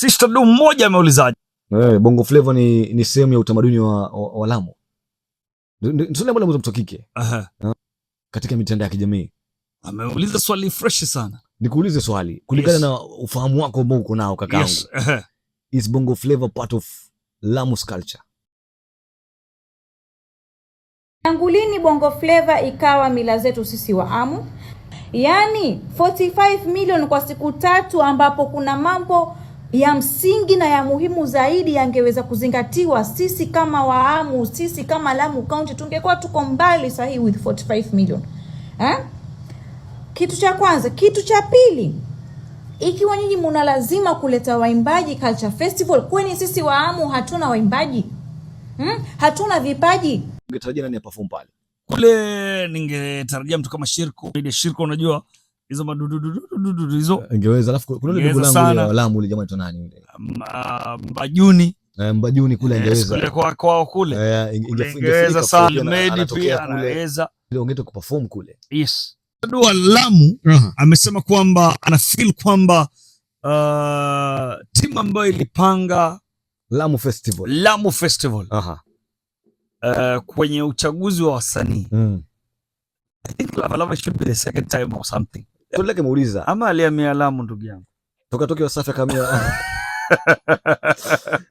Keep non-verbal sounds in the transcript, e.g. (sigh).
Sister Du mmoja ameulizaje? Eh, Bongo Flava ni, ni sehemu ya utamaduni wa, wa, wa Lamu. Ndio ndio ndio kike. Aha. Katika mitandao ya kijamii. Ameuliza swali fresh sana. Nikuulize swali kulingana yes, na ufahamu wako ambao uko nao kakaangu. Yes. Aha. Is Bongo Flava part of Lamu's culture? Tangu lini Bongo Flava ikawa mila zetu sisi wa Amu? Yaani 45 million kwa siku tatu ambapo kuna mambo ya msingi na ya muhimu zaidi yangeweza kuzingatiwa. Sisi kama Waamu, sisi kama Lamu County tungekuwa tuko mbali sahihi with 45 million eh? Kitu cha kwanza. Kitu cha pili, ikiwa nyinyi muna lazima kuleta waimbaji Culture Festival, kwani sisi Waamu hatuna waimbaji hmm? Hatuna vipaji. Ningetarajia nani ya perform pale kule, ningetarajia mtu kama Shirko. Ile Shirko unajua hizo madudududududu hizo ingeweza. Eh, alafu kuna langu yule Mbajuni eh, Mbajuni kule ingeweza eh, kule kwa kwao kule ingeweza sana. Medi pia anaweza ile kule, yes. Dua Lamu uh-huh. amesema kwamba ana feel kwamba uh, timu ambayo ilipanga Lamu Festival, Lamu Festival aha, uh, kwenye uchaguzi wa wasanii mm. I think Lava Lava should be the second time or something Swali lake Ama aliamia Lamu ndugu yangu. Toka Wasafi akamia (laughs)